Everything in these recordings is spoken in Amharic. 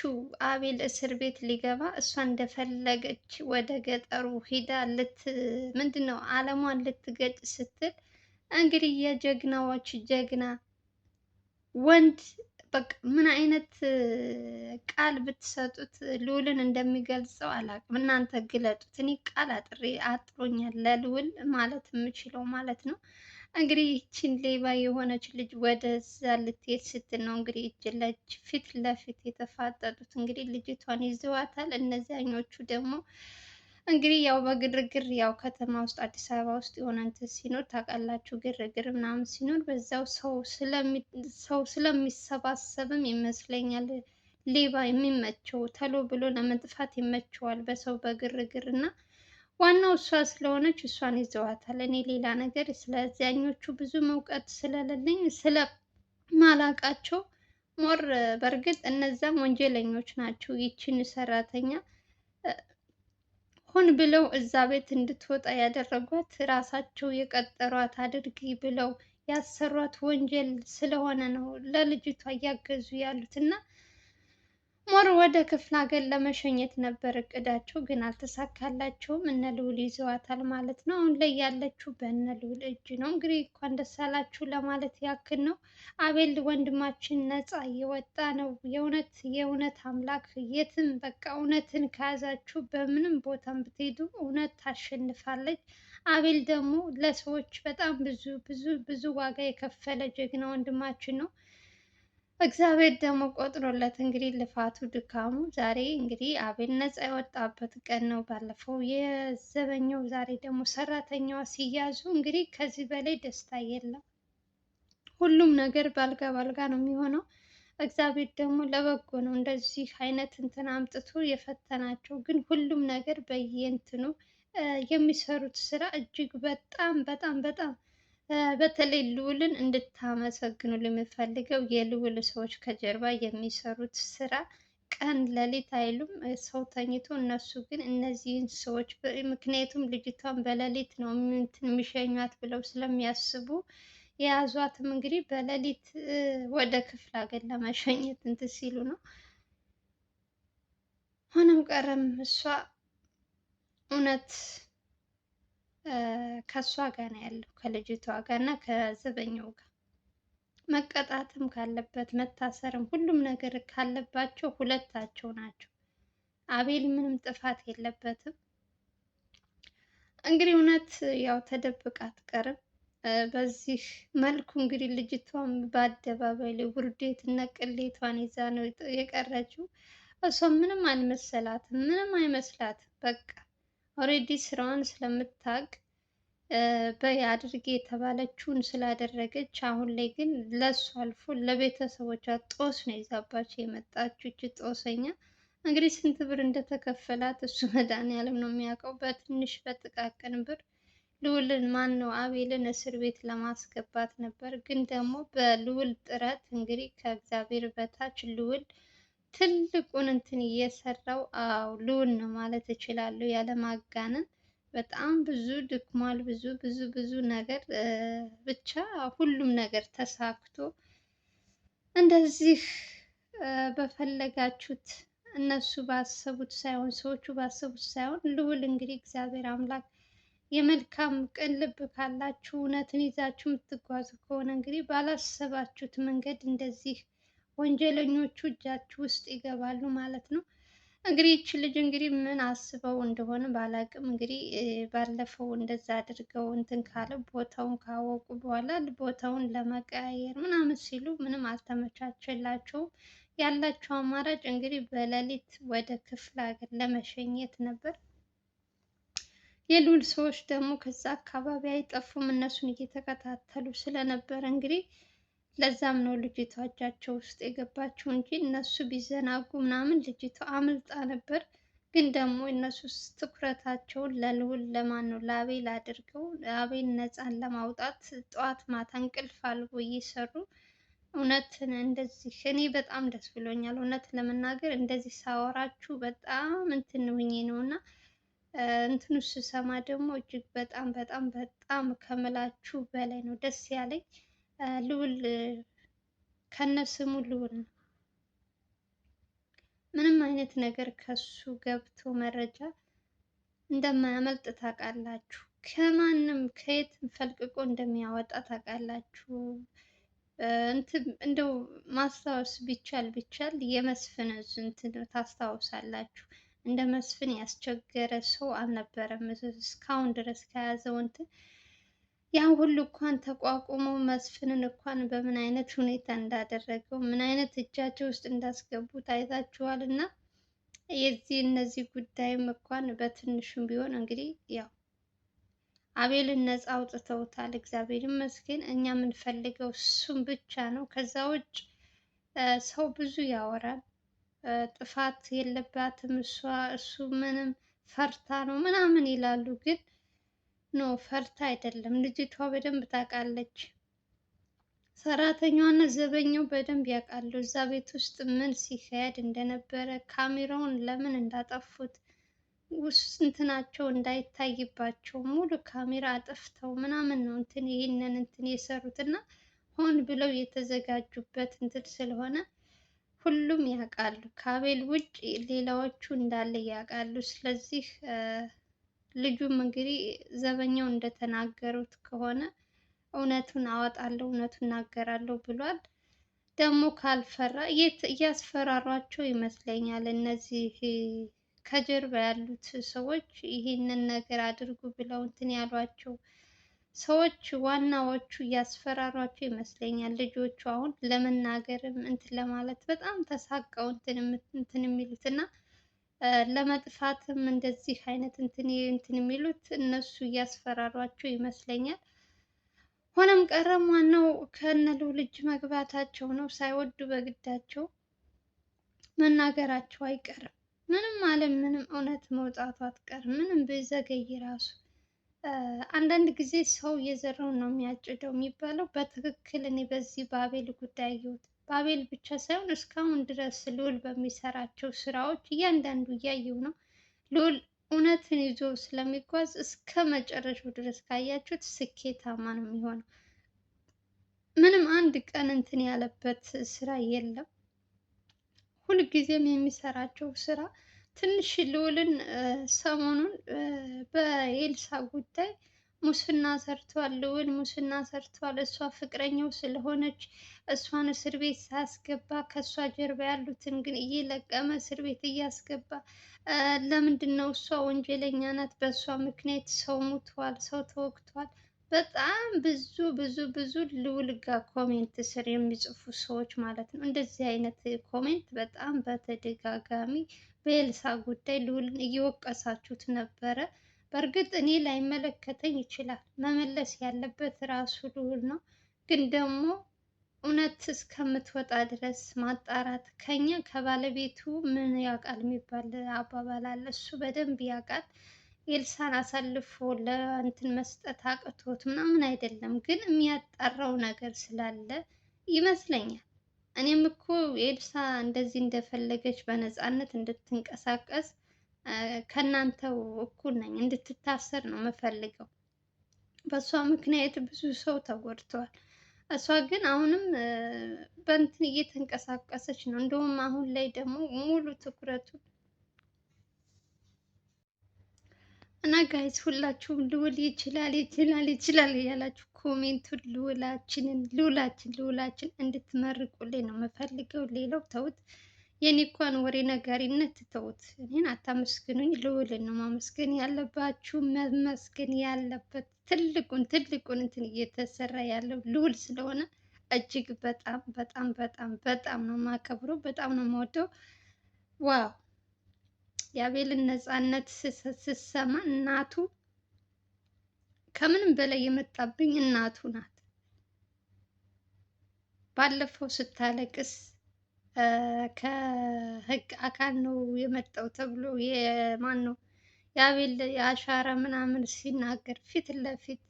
ያለችው አቤል እስር ቤት ሊገባ እሷ እንደፈለገች ወደ ገጠሩ ሂዳ ልት ምንድን ነው አለሟን ልትገጭ ስትል እንግዲህ የጀግናዎች ጀግና ወንድ በቃ ምን አይነት ቃል ብትሰጡት ልዑልን እንደሚገልጸው አላውቅም። እናንተ ግለጡት። እኔ ቃል አጥሬ አጥሮኛል ለልዑል ማለት የምችለው ማለት ነው። እንግዲህ ይችን ሌባ የሆነች ልጅ ወደዛ ልትሄድ ስትል ነው እንግዲህ እጅ ለእጅ ፊት ለፊት የተፋጠጡት። እንግዲህ ልጅቷን ይዘዋታል። እነዚያኞቹ ደግሞ እንግዲህ ያው በግርግር ያው ከተማ ውስጥ አዲስ አበባ ውስጥ የሆነ እንትን ሲኖር ታውቃላችሁ፣ ግርግር ምናምን ሲኖር በዛው ሰው ስለሚሰባሰብም ይመስለኛል ሌባ የሚመቸው ተሎ ብሎ ለመጥፋት ይመቸዋል በሰው በግርግር እና ዋናው እሷ ስለሆነች እሷን ይዘዋታል። እኔ ሌላ ነገር ስለዚያኞቹ ብዙ መውቀት ስለሌለኝ ስለማላቃቸው ሞር በእርግጥ እነዛም ወንጀለኞች ናቸው። ይችን ሰራተኛ ሆን ብለው እዛ ቤት እንድትወጣ ያደረጓት ራሳቸው የቀጠሯት አድርጊ ብለው ያሰሯት ወንጀል ስለሆነ ነው ለልጅቷ እያገዙ ያሉት እና ሞር ወደ ክፍለ ሀገር ለመሸኘት ነበር እቅዳቸው፣ ግን አልተሳካላቸውም። እነ ልዑል ይዘዋታል ማለት ነው። አሁን ላይ ያለችው በእነ ልዑል እጅ ነው። እንግዲህ እንኳን ደስ አላችሁ ለማለት ያክል ነው። አቤል ወንድማችን ነፃ እየወጣ ነው። የእውነት የእውነት አምላክ የትም በቃ እውነትን ከያዛችሁ በምንም ቦታም ብትሄዱ እውነት ታሸንፋለች። አቤል ደግሞ ለሰዎች በጣም ብዙ ብዙ ብዙ ዋጋ የከፈለ ጀግና ወንድማችን ነው። እግዚአብሔር ደግሞ ቆጥሮለት እንግዲህ ልፋቱ ድካሙ ዛሬ እንግዲህ አቤል ነፃ የወጣበት ቀን ነው። ባለፈው የዘበኛው ዛሬ ደግሞ ሰራተኛዋ ሲያዙ እንግዲህ ከዚህ በላይ ደስታ የለም። ሁሉም ነገር ባልጋ ባልጋ ነው የሚሆነው። እግዚአብሔር ደግሞ ለበጎ ነው እንደዚህ አይነት እንትን አምጥቶ የፈተናቸው። ግን ሁሉም ነገር በየእንትኑ የሚሰሩት ስራ እጅግ በጣም በጣም በጣም በተለይ ልዑልን እንድታመሰግኑልኝ የምፈልገው የልዑል ሰዎች ከጀርባ የሚሰሩት ስራ ቀን ለሊት አይሉም። ሰው ተኝቶ እነሱ ግን እነዚህን ሰዎች ምክንያቱም ልጅቷን በሌሊት ነው የሚሸኟት ብለው ስለሚያስቡ የያዟትም እንግዲህ በሌሊት ወደ ክፍለ ሀገር ለመሸኘት እንትን ሲሉ ነው። ሆነም ቀረም እሷ እውነት ከእሷ ጋር ነው ያለው ከልጅቷ ጋር እና ከዘበኛው ጋር። መቀጣትም ካለበት መታሰርም፣ ሁሉም ነገር ካለባቸው ሁለታቸው ናቸው። አቤል ምንም ጥፋት የለበትም። እንግዲህ እውነት ያው ተደብቃ አትቀርም። በዚህ መልኩ እንግዲህ ልጅቷም በአደባባይ ላይ እና ቅሌቷን ይዛ ነው የቀረችው። እሷ ምንም አልመሰላትም፣ ምንም አይመስላትም በቃ ኦሬዲ ስራዋን ስለምታውቅ በይ አድርጌ የተባለችውን ስላደረገች አሁን ላይ ግን ለሱ አልፎ ለቤተሰቦቿ ጦስ ነው ይዛባቸው የመጣችው እች ጦሰኛ። እንግዲህ ስንት ብር እንደተከፈላት እሱ መድኃኒዓለም ነው የሚያውቀው። በትንሽ በጥቃቅን ብር ልውልን ማን ነው አቤልን እስር ቤት ለማስገባት ነበር። ግን ደግሞ በልውል ጥረት እንግዲህ ከእግዚአብሔር በታች ልውል? ትልቁን እንትን እየሰራው አዎ ልዑል ነው ማለት እችላለሁ። ማጋነን በጣም ብዙ ድክሟል። ብዙ ብዙ ብዙ ነገር ብቻ ሁሉም ነገር ተሳክቶ እንደዚህ በፈለጋችሁት እነሱ ባሰቡት ሳይሆን ሰዎቹ ባሰቡት ሳይሆን ልዑል እንግዲህ እግዚአብሔር አምላክ የመልካም ቅን ልብ ካላችሁ እውነትን ይዛችሁ የምትጓዙ ከሆነ እንግዲህ ባላሰባችሁት መንገድ እንደዚህ ወንጀለኞቹ እጃችሁ ውስጥ ይገባሉ ማለት ነው። እንግዲህ ይቺ ልጅ እንግዲህ ምን አስበው እንደሆነ ባላቅም እንግዲህ ባለፈው እንደዛ አድርገው እንትን ካለ ቦታውን ካወቁ በኋላ ቦታውን ለመቀያየር ምናምን ሲሉ ምንም አልተመቻቸላቸውም። ያላቸው አማራጭ እንግዲህ በሌሊት ወደ ክፍለ ሀገር ለመሸኘት ነበር። የሉል ሰዎች ደግሞ ከዛ አካባቢ አይጠፉም እነሱን እየተከታተሉ ስለነበረ እንግዲህ ለዛም ነው ልጅቷ እጃቸው ውስጥ የገባችው እንጂ እነሱ ቢዘናጉ ምናምን ልጅቷ አምልጣ ነበር። ግን ደግሞ እነሱ ትኩረታቸውን ለልውል ለማን ነው ለአቤል አድርገው አቤል ነፃን ለማውጣት ጠዋት ማታ እንቅልፍ አልቦ እየሰሩ እውነትን እንደዚህ እኔ በጣም ደስ ብሎኛል። እውነት ለመናገር እንደዚህ ሳወራችሁ በጣም እንትን ውኜ ነው እና እንትኑ ስሰማ ደግሞ እጅግ በጣም በጣም በጣም ከምላችሁ በላይ ነው ደስ ያለኝ። ልዑል ከነስሙ ልዑል ነው። ምንም አይነት ነገር ከሱ ገብቶ መረጃ እንደማያመልጥ ታውቃላችሁ። ከማንም ከየት ፈልቅቆ እንደሚያወጣ ታውቃላችሁ። እንትን እንደው ማስታወስ ቢቻል ቢቻል የመስፍን እንትን ታስታውሳላችሁ። እንደ መስፍን ያስቸገረ ሰው አልነበረም እስካሁን ድረስ ከያዘው እንትን ያን ሁሉ እንኳን ተቋቁሞ መስፍንን እንኳን በምን አይነት ሁኔታ እንዳደረገው ምን አይነት እጃቸው ውስጥ እንዳስገቡ ታይታችኋል። እና የዚህ እነዚህ ጉዳይም እንኳን በትንሹም ቢሆን እንግዲህ ያው አቤልን ነፃ አውጥተውታል። እግዚአብሔር ይመስገን። እኛ የምንፈልገው እሱም ብቻ ነው። ከዛ ውጭ ሰው ብዙ ያወራል። ጥፋት የለባትም እሷ እሱ ምንም ፈርታ ነው ምናምን ይላሉ ግን ኖ ፈርታ አይደለም። ልጅቷ በደንብ ታውቃለች። ሰራተኛዋና ዘበኛው በደንብ ያውቃሉ። እዛ ቤት ውስጥ ምን ሲካሄድ እንደነበረ ካሜራውን ለምን እንዳጠፉት ውስጥ እንትናቸው እንዳይታይባቸው ሙሉ ካሜራ አጥፍተው ምናምን ነው እንትን ይህንን እንትን የሰሩት እና ሆን ብለው የተዘጋጁበት እንትን ስለሆነ ሁሉም ያውቃሉ። ከአቤል ውጭ ሌላዎቹ እንዳለ ያውቃሉ። ስለዚህ ልጁም እንግዲህ ዘበኛው እንደተናገሩት ከሆነ እውነቱን አወጣለሁ እውነቱን እናገራለሁ ብሏል። ደግሞ ካልፈራ እያስፈራሯቸው ይመስለኛል። እነዚህ ከጀርባ ያሉት ሰዎች ይህንን ነገር አድርጉ ብለው እንትን ያሏቸው ሰዎች ዋናዎቹ እያስፈራሯቸው ይመስለኛል። ልጆቹ አሁን ለመናገርም እንትን ለማለት በጣም ተሳቀው እንትን የሚሉት እና ለመጥፋትም እንደዚህ አይነት እንትን እንትን የሚሉት እነሱ እያስፈራሯቸው ይመስለኛል። ሆነም ቀረም ዋናው ከነልው ልጅ መግባታቸው ነው። ሳይወዱ በግዳቸው መናገራቸው አይቀርም። ምንም አለም ምንም እውነት መውጣቱ አትቀርም። ምንም ብዘገይ ራሱ አንዳንድ ጊዜ ሰው የዘረውን ነው የሚያጭደው የሚባለው በትክክል እኔ በዚህ በአቤል ጉዳይ አየሁት። በአቤል ብቻ ሳይሆን እስካሁን ድረስ ልዑል በሚሰራቸው ስራዎች እያንዳንዱ እያየው ነው። ልዑል እውነትን ይዞ ስለሚጓዝ እስከ መጨረሻው ድረስ ካያችሁት ስኬታማ ነው የሚሆነው። ምንም አንድ ቀን እንትን ያለበት ስራ የለም። ሁልጊዜም የሚሰራቸው ስራ ትንሽ ልዑልን ሰሞኑን በኤልሳ ጉዳይ ሙስና ሰርቷል፣ ልዑል ሙስና ሰርቷል። እሷ ፍቅረኛው ስለሆነች እሷን እስር ቤት ሳያስገባ ከእሷ ጀርባ ያሉትን ግን እየለቀመ እስር ቤት እያስገባ ለምንድን ነው እሷ ወንጀለኛ ናት፣ በእሷ ምክንያት ሰው ሙቷል፣ ሰው ተወግቷል። በጣም ብዙ ብዙ ብዙ ልውልጋ ኮሜንት ስር የሚጽፉ ሰዎች ማለት ነው። እንደዚህ አይነት ኮሜንት በጣም በተደጋጋሚ በኤልሳ ጉዳይ ልውልን እየወቀሳችሁት ነበረ። በእርግጥ እኔ ላይመለከተኝ ይችላል። መመለስ ያለበት ራሱ ልዑል ነው። ግን ደግሞ እውነት እስከምትወጣ ድረስ ማጣራት ከኛ ከባለቤቱ ምን ያውቃል የሚባል አባባል አለ። እሱ በደንብ ያውቃል። ኤልሳን አሳልፎ ለእንትን መስጠት አቅቶት ምናምን አይደለም፣ ግን የሚያጣራው ነገር ስላለ ይመስለኛል። እኔም እኮ ኤልሳ እንደዚህ እንደፈለገች በነፃነት እንድትንቀሳቀስ ከእናንተው እኩል ነኝ እንድትታሰር ነው የምፈልገው። በእሷ ምክንያት ብዙ ሰው ተጎድተዋል። እሷ ግን አሁንም በእንትን እየተንቀሳቀሰች ነው። እንደውም አሁን ላይ ደግሞ ሙሉ ትኩረቱ እና ጋይዝ ሁላችሁም ልውል ይችላል ይችላል ይችላል እያላችሁ ኮሜንቱ ልውላችንን ልውላችን ልውላችን እንድትመርቁልኝ ነው የምፈልገው። ሌላው ተውት። የኒኮን ወሬ ነጋሪነት ተውት። እኔን አታመስግኑኝ፣ ልዑልን ነው ማመስገን ያለባችሁ። መመስገን ያለበት ትልቁን ትልቁን እንትን እየተሰራ ያለው ልዑል ስለሆነ እጅግ በጣም በጣም በጣም በጣም ነው ማከብረው፣ በጣም ነው ማወደው ዋው የአቤልን ነፃነት ስሰማ እናቱ ከምንም በላይ የመጣብኝ እናቱ ናት። ባለፈው ስታለቅስ ከህግ አካል ነው የመጣው ተብሎ የማን ነው የአቤል የአሻራ ምናምን ሲናገር ፊት ለፊት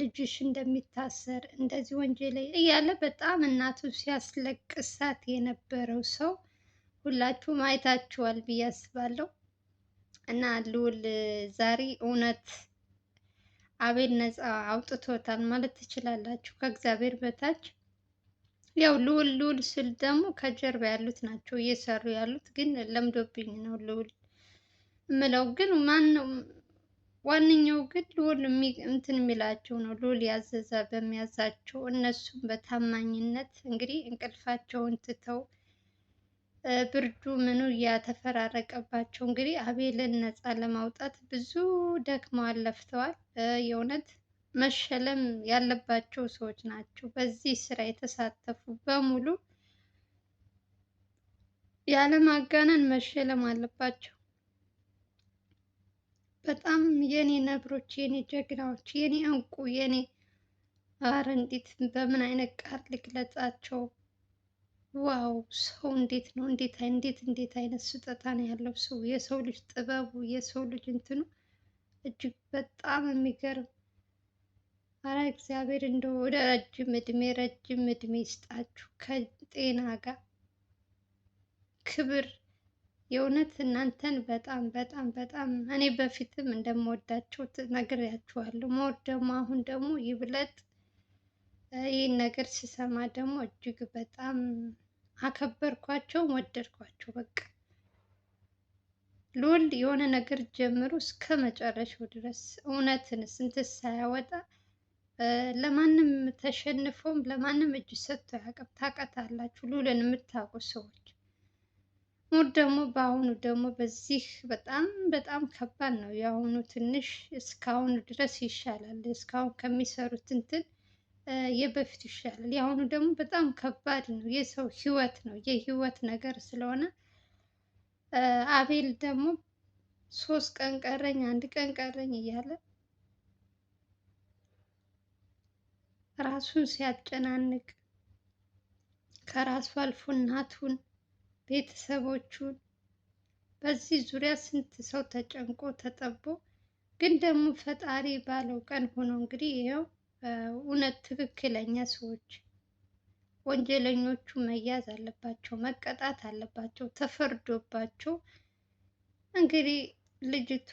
ልጅሽ እንደሚታሰር እንደዚህ ወንጀል ላይ እያለ በጣም እናቱ ሲያስለቅሳት የነበረው ሰው ሁላችሁም አይታችኋል ብዬ አስባለሁ። እና ልውል ዛሬ እውነት አቤል ነፃ አውጥቶታል ማለት ትችላላችሁ ከእግዚአብሔር በታች ያው ልዑል ልዑል ስል ደግሞ ከጀርባ ያሉት ናቸው እየሰሩ ያሉት። ግን ለምዶብኝ ነው ልዑል ምለው። ግን ማን ዋነኛው? ግን ልዑል እንትን የሚላቸው ነው ልዑል ያዘዘ በሚያዛቸው እነሱም በታማኝነት እንግዲህ እንቅልፋቸውን ትተው ብርዱ ምኑ እያተፈራረቀባቸው እንግዲህ አቤልን ነፃ ለማውጣት ብዙ ደክመዋል፣ ለፍተዋል የእውነት መሸለም ያለባቸው ሰዎች ናቸው። በዚህ ስራ የተሳተፉ በሙሉ ያለማጋነን መሸለም አለባቸው። በጣም የኔ ነብሮች፣ የኔ ጀግናዎች፣ የኔ እንቁ፣ የኔ አረ እንዴት በምን አይነት ቃል ልግለጻቸው? ዋው ሰው እንዴት ነው እንዴት እንዴት እንዴት አይነት ስጦታ ነው ያለው ሰው የሰው ልጅ ጥበቡ የሰው ልጅ እንትኑ እጅግ በጣም የሚገርም አረ እግዚአብሔር እንደው ወደ ረጅም እድሜ ረጅም እድሜ ይስጣችሁ ከጤና ጋር ክብር። የእውነት እናንተን በጣም በጣም በጣም እኔ በፊትም እንደምወዳቸው ነግሬያችኋለሁ። ሞር ደግሞ አሁን ደግሞ ይብለጥ ይህን ነገር ስሰማ ደግሞ እጅግ በጣም አከበርኳቸው፣ ወደድኳቸው። በቃ ልዑል የሆነ ነገር ጀምሮ እስከ መጨረሻው ድረስ እውነትን ስንት ሳያወጣ ለማንም ተሸንፎም ለማንም እጅ ሰጥቶ ያቅም ታውቃታላችሁ፣ ሉልን የምታውቁ ሰዎች ሙድ ደግሞ በአሁኑ ደግሞ በዚህ በጣም በጣም ከባድ ነው። የአሁኑ ትንሽ እስካሁን ድረስ ይሻላል፣ እስካሁን ከሚሰሩት እንትን የበፊቱ ይሻላል። የአሁኑ ደግሞ በጣም ከባድ ነው። የሰው ህይወት ነው የህይወት ነገር ስለሆነ አቤል ደግሞ ሶስት ቀን ቀረኝ አንድ ቀን ቀረኝ እያለ ራሱን ሲያጨናንቅ ከራሱ አልፎ እናቱን፣ ቤተሰቦቹን በዚህ ዙሪያ ስንት ሰው ተጨንቆ ተጠቦ ግን ደግሞ ፈጣሪ ባለው ቀን ሆኖ እንግዲህ ይኸው እውነት ትክክለኛ ሰዎች ወንጀለኞቹ መያዝ አለባቸው፣ መቀጣት አለባቸው፣ ተፈርዶባቸው እንግዲህ ልጅቷ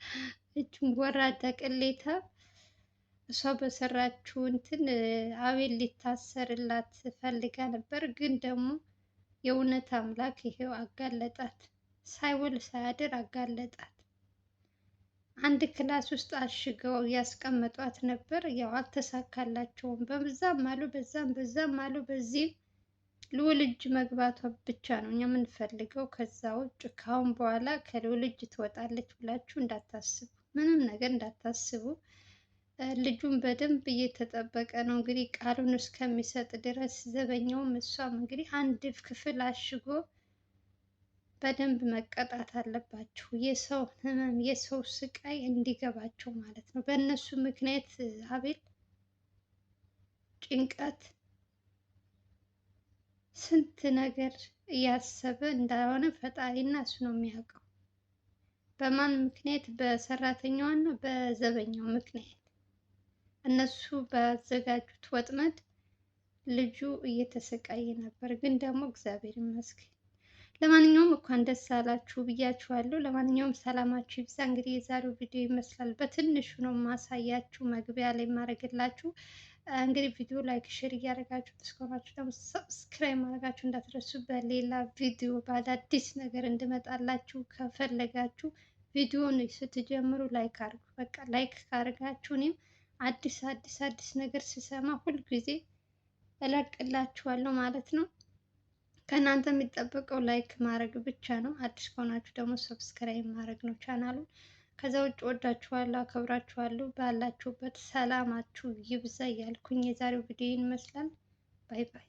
እጅም ወራዳ ቅሌታ እሷ በሰራችው እንትን አቤል ሊታሰርላት ፈልጋ ነበር፣ ግን ደግሞ የእውነት አምላክ ይሄው አጋለጣት። ሳይውል ሳያድር አጋለጣት። አንድ ክላስ ውስጥ አሽገው እያስቀመጧት ነበር። ያው አልተሳካላቸውም። በዛም አሉ በዛም በዛም አሉ በዚህም ልዑል እጅ መግባቷ ብቻ ነው እኛ የምንፈልገው። ከዛ ውጭ ካሁን በኋላ ከልዑል እጅ ትወጣለች ብላችሁ እንዳታስቡ፣ ምንም ነገር እንዳታስቡ። ልጁን በደንብ እየተጠበቀ ነው እንግዲህ ቃሉን እስከሚሰጥ ድረስ ዘበኛውም እሷም እንግዲህ አንድ ክፍል አሽጎ በደንብ መቀጣት አለባቸው። የሰው ህመም የሰው ስቃይ እንዲገባቸው ማለት ነው። በእነሱ ምክንያት አቤል ጭንቀት፣ ስንት ነገር እያሰበ እንዳልሆነ ፈጣሪና እሱ ነው የሚያውቀው። በማን ምክንያት? በሰራተኛዋና በዘበኛው ምክንያት እነሱ ባዘጋጁት ወጥመድ ልጁ እየተሰቃየ ነበር። ግን ደግሞ እግዚአብሔር ይመስገን። ለማንኛውም እንኳን ደስ አላችሁ ብያችኋለሁ። ለማንኛውም ሰላማችሁ ይብዛ። እንግዲህ የዛሬው ቪዲዮ ይመስላል በትንሹ ነው ማሳያችሁ፣ መግቢያ ላይ ማድረግላችሁ። እንግዲህ ቪዲዮ ላይክ፣ ሼር እያደረጋችሁ እስከሆናችሁ ደግሞ ሰብስክራይብ ማድረጋችሁ እንዳትረሱ። በሌላ ቪዲዮ በአዳዲስ ነገር እንድመጣላችሁ ከፈለጋችሁ ቪዲዮን ስትጀምሩ ላይክ አድርጉ። በቃ ላይክ ካደርጋችሁ እኔም አዲስ አዲስ አዲስ ነገር ስሰማ ሁልጊዜ እለቅላችኋለሁ ማለት ነው። ከእናንተ የሚጠበቀው ላይክ ማድረግ ብቻ ነው። አዲስ ከሆናችሁ ደግሞ ሰብስክራይብ ማድረግ ነው ቻናሉን። ከዛ ውጭ ወዳችኋለሁ፣ አከብራችኋለሁ። ባላችሁበት ሰላማችሁ ይብዛ እያልኩኝ የዛሬው ቪዲዮ ይመስላል። ባይ ባይ።